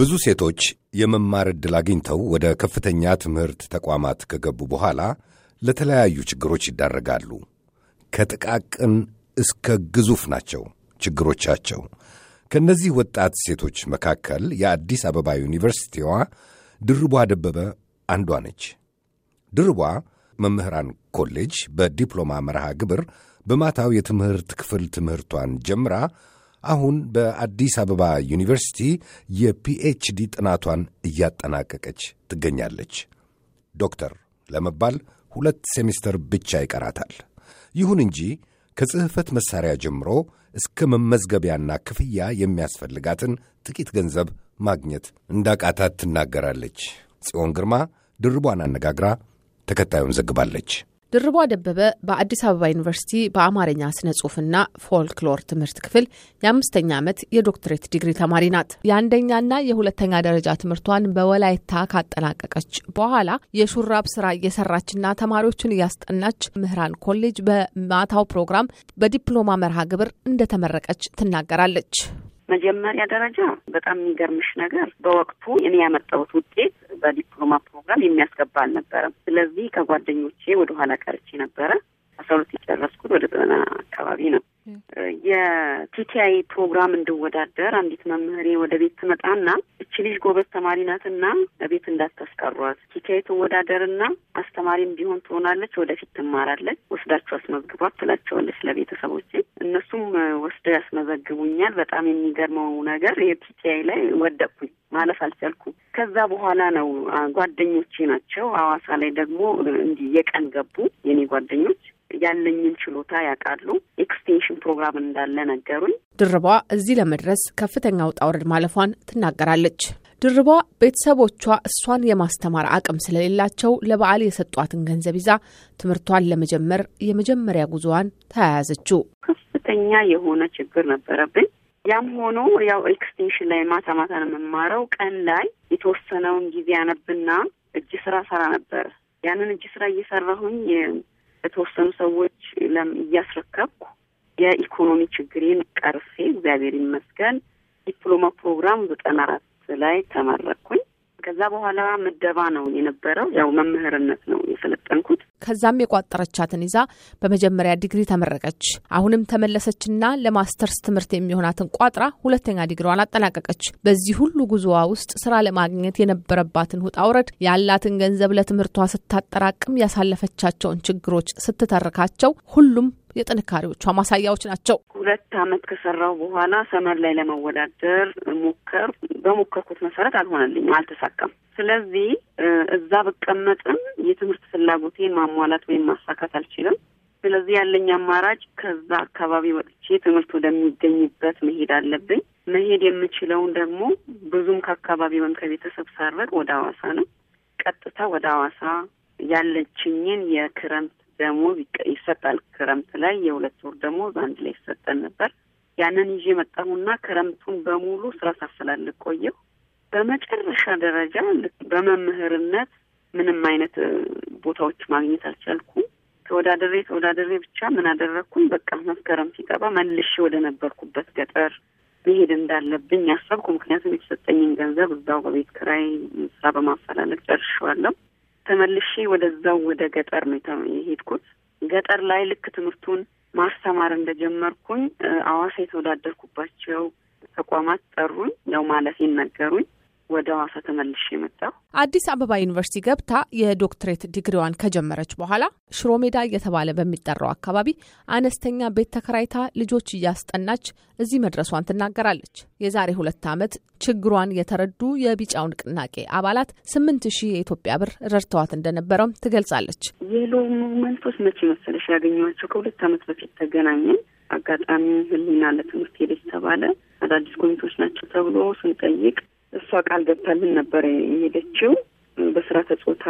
ብዙ ሴቶች የመማር ዕድል አግኝተው ወደ ከፍተኛ ትምህርት ተቋማት ከገቡ በኋላ ለተለያዩ ችግሮች ይዳረጋሉ። ከጥቃቅን እስከ ግዙፍ ናቸው ችግሮቻቸው። ከእነዚህ ወጣት ሴቶች መካከል የአዲስ አበባ ዩኒቨርሲቲዋ ድርቧ ደበበ አንዷ ነች። ድርቧ መምህራን ኮሌጅ በዲፕሎማ መርሃ ግብር በማታው የትምህርት ክፍል ትምህርቷን ጀምራ አሁን በአዲስ አበባ ዩኒቨርሲቲ የፒኤችዲ ጥናቷን እያጠናቀቀች ትገኛለች። ዶክተር ለመባል ሁለት ሴሚስተር ብቻ ይቀራታል። ይሁን እንጂ ከጽሕፈት መሣሪያ ጀምሮ እስከ መመዝገቢያና ክፍያ የሚያስፈልጋትን ጥቂት ገንዘብ ማግኘት እንዳቃታት ትናገራለች። ጽዮን ግርማ ድርቧን አነጋግራ ተከታዩን ዘግባለች። ድርቦ ደበበ በአዲስ አበባ ዩኒቨርሲቲ በአማርኛ ስነ ጽሁፍና ፎልክሎር ትምህርት ክፍል የአምስተኛ ዓመት የዶክትሬት ዲግሪ ተማሪ ናት። የአንደኛና የሁለተኛ ደረጃ ትምህርቷን በወላይታ ካጠናቀቀች በኋላ የሹራብ ስራ እየሰራችና ተማሪዎችን እያስጠናች ምህራን ኮሌጅ በማታው ፕሮግራም በዲፕሎማ መርሃ ግብር እንደተመረቀች ትናገራለች። መጀመሪያ ደረጃ በጣም የሚገርምሽ ነገር በወቅቱ እኔ ያመጣሁት ውጤት በዲፕሎማ ቃል የሚያስገባ አልነበረም። ስለዚህ ከጓደኞቼ ወደ ኋላ ቀርቼ ነበረ። አስራ ሁለት የጨረስኩት ወደ ዘጠና አካባቢ ነው። የቲቲአይ ፕሮግራም እንድወዳደር አንዲት መምህሬ ወደ ቤት ትመጣና እች ልጅ ጎበዝ ተማሪ ናትና ቤት እንዳታስቀሯት፣ ቲቲአይ ትወዳደርና አስተማሪም ቢሆን ትሆናለች፣ ወደፊት ትማራለች፣ ወስዳችሁ አስመዝግቧት ትላቸዋለች ለቤተሰቦች። እነሱም ወስደው ያስመዘግቡኛል። በጣም የሚገርመው ነገር የቲቲአይ ላይ ወደቅኩኝ፣ ማለፍ አልቻልኩም። ከዛ በኋላ ነው ጓደኞቼ ናቸው ሐዋሳ ላይ ደግሞ እንዲህ የቀን ገቡ የኔ ጓደኞች ያለኝን ችሎታ ያውቃሉ። ኤክስቴንሽን ፕሮግራም እንዳለ ነገሩኝ። ድርቧ እዚህ ለመድረስ ከፍተኛ ውጣ ውረድ ማለፏን ትናገራለች። ድርቧ ቤተሰቦቿ እሷን የማስተማር አቅም ስለሌላቸው ለበዓል የሰጧትን ገንዘብ ይዛ ትምህርቷን ለመጀመር የመጀመሪያ ጉዞዋን ተያያዘችው። ከፍተኛ የሆነ ችግር ነበረብኝ። ያም ሆኖ ያው ኤክስቴንሽን ላይ ማታ ማታ ነው የምማረው። ቀን ላይ የተወሰነውን ጊዜ አነብና እጅ ስራ ሰራ ነበር። ያንን እጅ ስራ እየሰራሁኝ የተወሰኑ ሰዎች እያስረከብኩ የኢኮኖሚ ችግሬን ቀርፌ እግዚአብሔር ይመስገን ዲፕሎማ ፕሮግራም ዘጠና አራት ላይ ተመረቅኩኝ። ከዛ በኋላ ምደባ ነው የነበረው። ያው መምህርነት ነው የሰለጠንኩት። ከዛም የቋጠረቻትን ይዛ በመጀመሪያ ዲግሪ ተመረቀች። አሁንም ተመለሰችና ለማስተርስ ትምህርት የሚሆናትን ቋጥራ ሁለተኛ ዲግሪዋን አጠናቀቀች። በዚህ ሁሉ ጉዞዋ ውስጥ ስራ ለማግኘት የነበረባትን ውጣ ውረድ፣ ያላትን ገንዘብ ለትምህርቷ ስታጠራቅም ያሳለፈቻቸውን ችግሮች ስትተርካቸው ሁሉም የጥንካሬዎቿ ማሳያዎች ናቸው። ሁለት አመት ከሰራው በኋላ ሰመር ላይ ለመወዳደር ሞከር በሞከርኩት መሰረት አልሆነልኝም፣ አልተሳካም። ስለዚህ እዛ ብቀመጥም የትምህርት ፍላጎቴን ማሟላት ወይም ማሳካት አልችልም። ስለዚህ ያለኝ አማራጭ ከዛ አካባቢ ወጥቼ ትምህርት ወደሚገኝበት መሄድ አለብኝ። መሄድ የምችለውን ደግሞ ብዙም ከአካባቢ ወይም ከቤተሰብ ሳልርቅ ወደ አዋሳ ነው። ቀጥታ ወደ አዋሳ ያለችኝን የክረምት ደሞዝ ይሰጣል። ክረምት ላይ የሁለት ወር ደሞዝ አንድ ላይ ይሰጠን ነበር። ያንን ይዤ መጣሁና ክረምቱን በሙሉ ስራ ሳፈላልግ ቆየሁ። በመጨረሻ ደረጃ በመምህርነት ምንም አይነት ቦታዎች ማግኘት አልቻልኩም። ተወዳደሬ ተወዳደሬ ብቻ ምን አደረግኩኝ? በቃ መስከረም ሲጠባ መልሼ ወደ ነበርኩበት ገጠር መሄድ እንዳለብኝ ያሰብኩ። ምክንያቱም የተሰጠኝን ገንዘብ እዛው በቤት ክራይ ስራ በማፈላለግ ጨርሸዋለሁ። ተመልሼ ወደዛው ወደ ገጠር ነው የሄድኩት። ገጠር ላይ ልክ ትምህርቱን ማስተማር እንደጀመርኩኝ አዋሳ የተወዳደርኩባቸው ተቋማት ጠሩኝ። ያው ማለት ነገሩኝ። ወደ ሐዋሳ ተመልሽ የመጣው አዲስ አበባ ዩኒቨርሲቲ ገብታ የዶክትሬት ዲግሪዋን ከጀመረች በኋላ ሽሮሜዳ እየተባለ በሚጠራው አካባቢ አነስተኛ ቤት ተከራይታ ልጆች እያስጠናች እዚህ መድረሷን ትናገራለች። የዛሬ ሁለት ዓመት ችግሯን የተረዱ የቢጫው ንቅናቄ አባላት ስምንት ሺህ የኢትዮጵያ ብር ረድተዋት እንደነበረም ትገልጻለች። የሎ ሙቭመንቶች መቼ መሰለሽ ያገኘኋቸው? ከሁለት ዓመት በፊት ተገናኘን። አጋጣሚ ህሊና ለትምህርት ሄደች ተባለ። አዳዲስ ኮሚቴዎች ናቸው ተብሎ ስንጠይቅ እሷ ቃል ገብታልን ነበር የሄደችው በስራ ተጾታ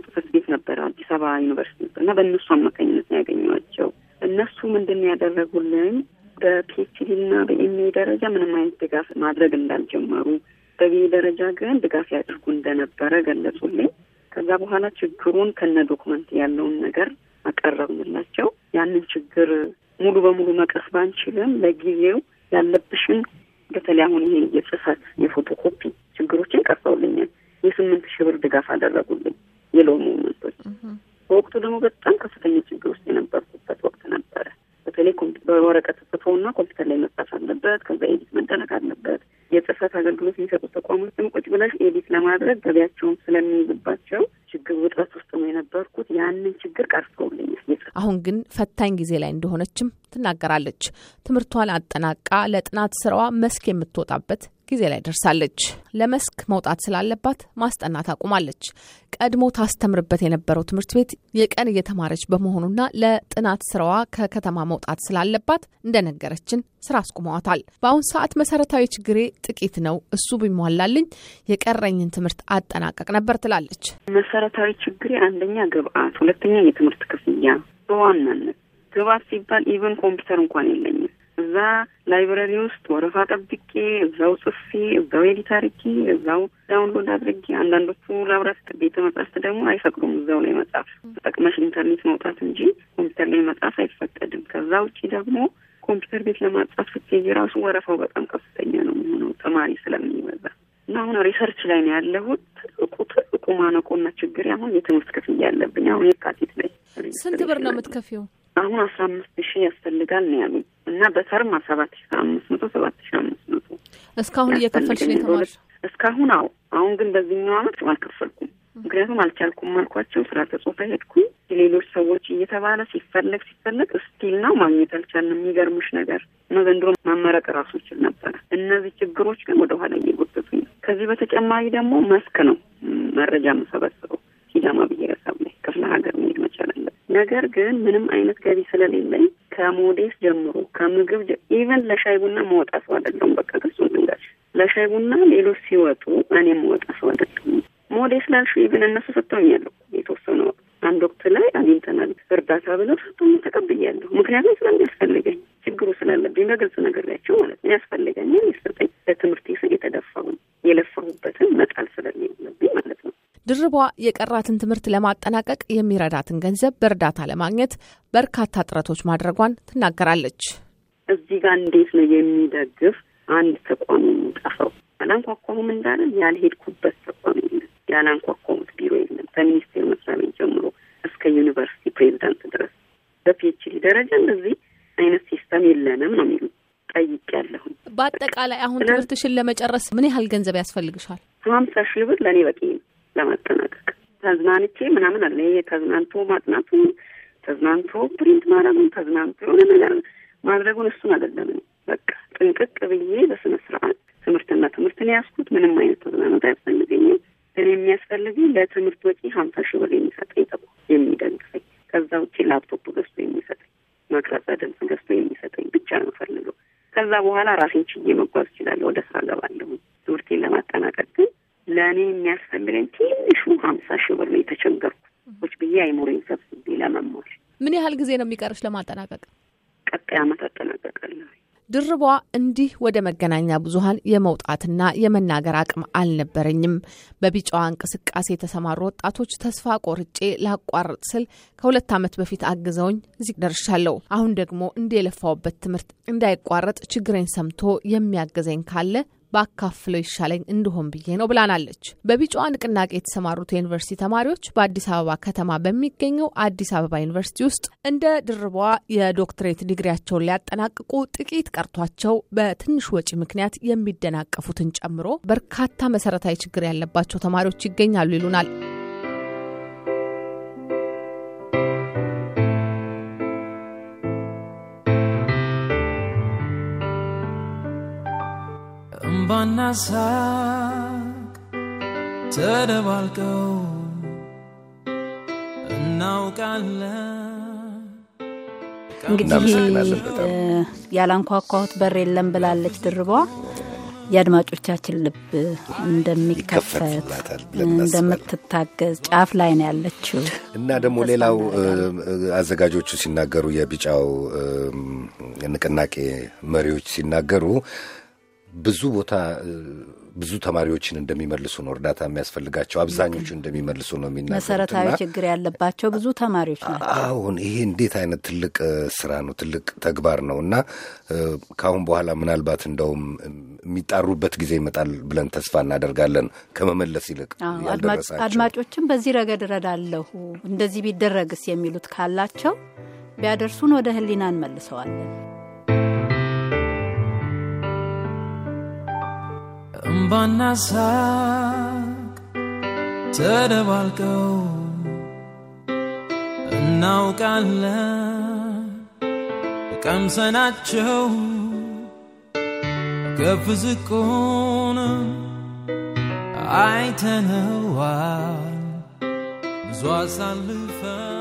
ጽህፈት ቤት ነበረ አዲስ አበባ ዩኒቨርሲቲ ነበር እና በእነሱ አማካኝነት ነው ያገኘኋቸው። እነሱ ምንድን ያደረጉልን በፒኤችዲ እና በኤምኤ ደረጃ ምንም አይነት ድጋፍ ማድረግ እንዳልጀመሩ፣ በቢ ደረጃ ግን ድጋፍ ያደርጉ እንደነበረ ገለጹልኝ። ከዛ በኋላ ችግሩን ከነ ዶክመንት ያለውን ነገር አቀረብንላቸው። ያንን ችግር ሙሉ በሙሉ መቅረፍ ባንችልም ለጊዜው ያለብሽን በተለይ አሁን ይሄ የጽህፈት የፎቶ ኮፒ ችግሮችን ቀርፈውልኛል። የስምንት ሺህ ብር ድጋፍ አደረጉልኝ የለው ሙቭመንቶች። በወቅቱ ደግሞ በጣም ከፍተኛ ችግር ውስጥ የነበርኩበት ወቅት ነበረ። በተለይ በወረቀት ጽፎና ኮምፒውተር ላይ መጻፍ አለበት፣ ከዛ ኤዲት መደረግ አለበት። የጽህፈት አገልግሎት የሚሰጡት ተቋማት ቁጭ ብለሽ ኤዲት ለማድረግ ገበያቸውን ስለሚይዝባቸው ችግር ውጥረት ውስጥ ነው የነበርኩት። ያንን ችግር ቀርፈውልኛል። አሁን ግን ፈታኝ ጊዜ ላይ እንደሆነችም ትናገራለች። ትምህርቷን አጠናቃ ለጥናት ስራዋ መስክ የምትወጣበት ጊዜ ላይ ደርሳለች። ለመስክ መውጣት ስላለባት ማስጠናት አቁማለች። ቀድሞ ታስተምርበት የነበረው ትምህርት ቤት የቀን እየተማረች በመሆኑና ለጥናት ስራዋ ከከተማ መውጣት ስላለባት እንደነገረችን ስራ አስቁመዋታል። በአሁን ሰዓት መሰረታዊ ችግሬ ጥቂት ነው፣ እሱ ቢሟላልኝ የቀረኝን ትምህርት አጠናቀቅ ነበር ትላለች። መሰረታዊ ችግሬ አንደኛ ግብአት፣ ሁለተኛ የትምህርት ክፍያ በዋናነት ግባት ሲባል ኢቨን ኮምፒውተር እንኳን የለኝም። እዛ ላይብረሪ ውስጥ ወረፋ ጠብቄ እዛው ጽፌ እዛው ኤዲት አድርጌ እዛው ዳውንሎድ አድርጌ አንዳንዶቹ ላብራሪት ቤተ መጻሕፍት ደግሞ አይፈቅዱም። እዛው ላይ መጻፍ ተጠቅመሽ ኢንተርኔት መውጣት እንጂ ኮምፒውተር ላይ መጻፍ አይፈቀድም። ከዛ ውጪ ደግሞ ኮምፒውተር ቤት ለማጻፍ ስትሄጂ ራሱ ወረፋው በጣም ከፍተኛ ነው የሚሆነው ተማሪ ስለሚበዛ እና አሁን ሪሰርች ላይ ነው ያለሁት። ትልቁ ትልቁ ማነቆና ችግር አሁን የትምህርት ክፍያ ያለብኝ አሁን የካቲት ላይ ስንት ብር ነው የምትከፊው? አሁን አስራ አምስት ሺህ ያስፈልጋል ነው ያሉ እና በተርማ ሰባት ሺ አምስት መቶ ሰባት ሺ አምስት መቶ እስካሁን እየከፈልሽ ነው የተማርሽ? እስካሁን አዎ። አሁን ግን በዚህኛው አመት አልከፈልኩም። ምክንያቱም አልቻልኩም አልኳቸው። ስራ ተጽፈ ሄድኩኝ። ሌሎች ሰዎች እየተባለ ሲፈለግ ሲፈለግ ስቲል ነው ማግኘት አልቻልንም። የሚገርምሽ ነገር እና ዘንድሮ ማመረቅ ራሱ ይችል ነበረ። እነዚህ ችግሮች ግን ወደ ኋላ እየጎተቱኝ። ከዚህ በተጨማሪ ደግሞ መስክ ነው መረጃ መሰበሰበው ሲዳማ ብሄረ ነገር ግን ምንም አይነት ገቢ ስለሌለኝ ከሞዴስ ጀምሮ ከምግብ ኢቨን ለሻይ ቡና መወጣ ሰው አይደለሁም። በቃ ገጹ ድንጋሽ ለሻይ ቡና ሌሎች ሲወጡ እኔ መወጣ ሰው አይደለሁም። ሞዴስ ላልሹ ኢቨን እነሱ ሰጥተውኛለሁ። የተወሰነ አንድ ወቅት ላይ አግኝተናል እርዳታ ብለው ሰጥቶኝ ተቀብያለሁ። ምክንያቱም ስለሚያስፈልገኝ ችግሩ ስላለብኝ በግልጽ ነገር ያቸው ማለት ነው ያስፈልገኝ ይሰጠኝ ለትምህርት የተደፋው ድርቧ የቀራትን ትምህርት ለማጠናቀቅ የሚረዳትን ገንዘብ በእርዳታ ለማግኘት በርካታ ጥረቶች ማድረጓን ትናገራለች። እዚህ ጋር እንዴት ነው የሚደግፍ አንድ ተቋም የሚጠፋው? አላንኳኳሙም እንዳለን ያልሄድኩበት ተቋም የለም። ያላንኳኳሁት ቢሮ የለም። ከሚኒስቴር መስሪያ ቤት ጀምሮ እስከ ዩኒቨርሲቲ ፕሬዚዳንት ድረስ በፒኤችዲ ደረጃ እንደዚህ አይነት ሲስተም የለንም ነው የሚሉ ጠይቅ ያለሁ። በአጠቃላይ አሁን ትምህርትሽን ለመጨረስ ምን ያህል ገንዘብ ያስፈልግሻል? ሀምሳ ሺህ ብር ለእኔ በቂ ነው። ለማጠናቀቅ ተዝናንቼ ምናምን አለ። ይሄ ተዝናንቶ ማጥናቱ፣ ተዝናንቶ ፕሪንት ማድረጉን፣ ተዝናንቶ የሆነ ነገር ማድረጉን እሱን አይደለም። በቃ ጥንቅቅ ብዬ በስነ ስርዓት ትምህርትና ትምህርትን ያስኩት ምንም አይነት ተዝናኖት አያስፈልገኝም። እኔ የሚያስፈልገኝ ለትምህርት ወጪ ሀምሳ ሺህ ብር የሚሰጠኝ ጠቁ የሚደግፈኝ ከዛ ውጭ ላፕቶፕ ገዝቶ የሚሰጠኝ መቅረጸ ድምፅ ገዝቶ የሚሰጠኝ ብቻ ነው ፈልገው። ከዛ በኋላ ራሴን ችዬ መጓዝ እችላለሁ። ወደ ስራ ገባለሁ። ትምህርቴን ለማጠናቀቅ ግን ለእኔ የሚያስፈልገኝ ትንሹ ሀምሳ ሺህ ብር ነው የተቸገርኩት ብዬ አይሞሬን ሰብስቤ ለመሞል። ምን ያህል ጊዜ ነው የሚቀርሽ ለማጠናቀቅ? ቀጣይ አመት አጠናቀቃለሁ። ድርቧ እንዲህ ወደ መገናኛ ብዙኃን የመውጣትና የመናገር አቅም አልነበረኝም። በቢጫዋ እንቅስቃሴ የተሰማሩ ወጣቶች ተስፋ ቆርጬ ላቋርጥ ስል ከሁለት ዓመት በፊት አግዘውኝ እዚህ ደርሻለሁ። አሁን ደግሞ እንደ የለፋውበት ትምህርት እንዳይቋረጥ ችግሬን ሰምቶ የሚያግዘኝ ካለ ባካፍለው ይሻለኝ እንደሆን ብዬ ነው ብላናለች። በቢጫዋ ንቅናቄ የተሰማሩት የዩኒቨርሲቲ ተማሪዎች በአዲስ አበባ ከተማ በሚገኘው አዲስ አበባ ዩኒቨርሲቲ ውስጥ እንደ ድርቧ የዶክትሬት ዲግሪያቸውን ሊያጠናቅቁ ጥቂት ቀርቷቸው በትንሽ ወጪ ምክንያት የሚደናቀፉትን ጨምሮ በርካታ መሰረታዊ ችግር ያለባቸው ተማሪዎች ይገኛሉ ይሉናል። ጨዋና ሳቅ ተደባልቀው እናውቃለን። እንግዲህ ያላንኳኳሁት በር የለም ብላለች ድርቧ። የአድማጮቻችን ልብ እንደሚከፈት እንደምትታገዝ ጫፍ ላይ ነው ያለችው እና ደግሞ ሌላው አዘጋጆቹ ሲናገሩ የቢጫው ንቅናቄ መሪዎች ሲናገሩ ብዙ ቦታ ብዙ ተማሪዎችን እንደሚመልሱ ነው፣ እርዳታ የሚያስፈልጋቸው አብዛኞቹ እንደሚመልሱ ነው የሚናገሩት። መሰረታዊ ችግር ያለባቸው ብዙ ተማሪዎች ናቸው። አሁን ይሄ እንዴት አይነት ትልቅ ስራ ነው፣ ትልቅ ተግባር ነው እና ከአሁን በኋላ ምናልባት እንደውም የሚጣሩበት ጊዜ ይመጣል ብለን ተስፋ እናደርጋለን። ከመመለስ ይልቅ አድማጮችም በዚህ ረገድ እረዳለሁ እንደዚህ ቢደረግስ የሚሉት ካላቸው ቢያደርሱን ወደ ህሊና እንመልሰዋለን። እምባና ሳቅ ተደባልቀው እናውቃለ ቀምሰናቸው ከፍ ዝቁን አይተነዋል ብዙ አሳልፈን